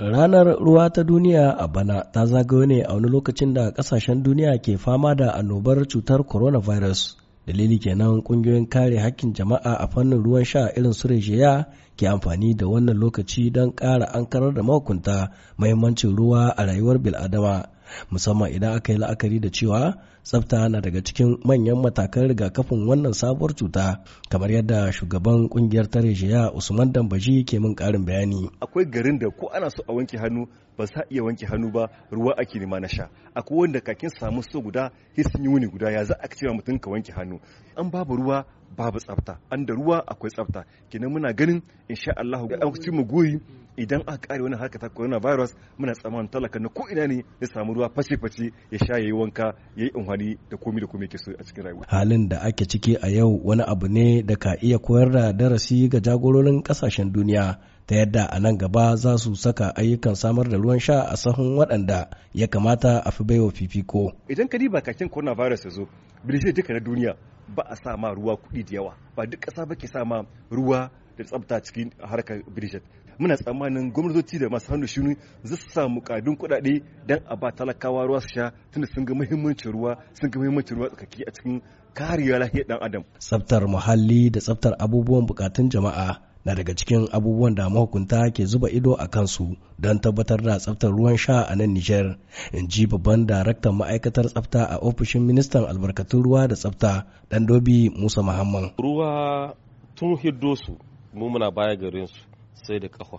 Ranar ruwa ta duniya a bana ta zagayo ne a wani lokacin da kasashen duniya ke fama da annobar cutar coronavirus. Dalili kenan kungiyoyin kare hakkin jama'a a fannin ruwan sha irin su rejeya ke amfani da wannan lokaci don ƙara ankarar da mahukunta mahimmancin ruwa a rayuwar bil'adama. musamman idan aka yi la'akari da cewa tsafta na daga cikin manyan matakan rigakafin wannan sabuwar cuta kamar yadda shugaban kungiyar tare jiya usman dambaji ke min karin bayani akwai garin da ko ana so a wanke hannu ba sa iya wanke hannu ba ruwa ake nema na sha akwai wanda kakin samu so guda hisin yi wuni guda ya za a wa mutum ka wanke hannu an babu ruwa babu tsafta an da ruwa akwai tsafta kenan muna ganin insha Allah ga an mu goyi idan aka kare wannan harka ta virus muna tsammanin talaka na ko ina ne ya samu ruwa fashe fashe ya sha yayi wanka yayi unhani da komai da komai ke so a cikin rayuwa halin da ake ciki a yau wani abu ne da ka iya koyar da darasi ga jagororin kasashen duniya ta yadda a nan gaba za su saka ayyukan samar da ruwan sha a sahun waɗanda ya kamata a fi baiwa fifiko idan ka diba kakin coronavirus ya zo bilishe duka na duniya ba a sa ma ruwa kuɗi da yawa ba duk ƙasa ba ke sa ma ruwa da tsabta cikin harkar Bridget. Muna tsammanin gwamnatoci da masu hannu shinu za su samu kadun kuɗaɗe don a ba talakawa ruwa su sha tunda sun ga muhimmancin ruwa sun ga muhimmancin ruwa tsakaki a cikin kariya lafiyar ɗan adam. Tsabtar muhalli da tsabtar abubuwan bukatun jama'a na daga cikin abubuwan da mahukunta ke zuba ido a kansu don tabbatar da tsaftar ruwan sha a nan Nijar, in ji babban daraktan ma'aikatar tsafta a ofishin ministan albarkatun ruwa da tsafta dan dobi Musa Muhammad. Ruwa tun hiddo su mu muna baya garin su sai da kafa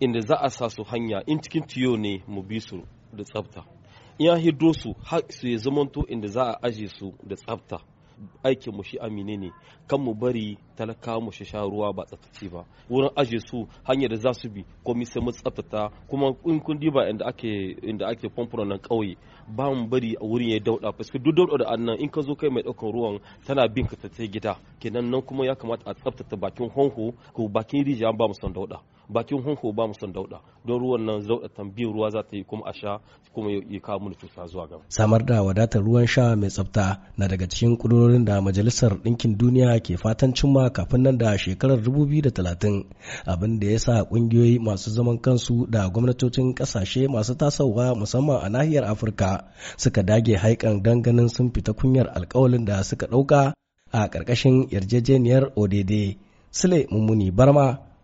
inda za a sa su hanya in cikin tiyo ne mu bi su da tsafta. In ya hiddo su har su ya zamanto inda za a aje su da tsafta. aikin mu shi amine ne kan mu bari talaka mu sha ruwa ba tsaftace ba wurin aje su hanyar da za su bi mu sai mu tsaftata kuma in kun diba inda ake inda ake famfunan nan kauye ba mu bari a wurin ya dauda paske duk dauda da annan in ka zo kai mai daukan ruwan tana bin ka ta gida kenan nan kuma ya kamata a tsaftace bakin honho ko bakin rijiya ba mu san dauda bakin hunko ba mu son dauda don ruwan nan zauda tambiyar ruwa za ta yi kuma a sha kuma ya kawo mana cuta zuwa gaba samar da wadatar ruwan sha mai tsafta na daga cikin kudurorin da majalisar ɗinkin duniya ke fatan cimma kafin nan da shekarar 2030 abin da ya sa ƙungiyoyi masu zaman kansu da gwamnatocin kasashe masu tasowa musamman a nahiyar afirka suka dage haikan danganin sun fita kunyar alkawalin da suka ɗauka a ƙarƙashin yarjejeniyar odede sule mummuni barma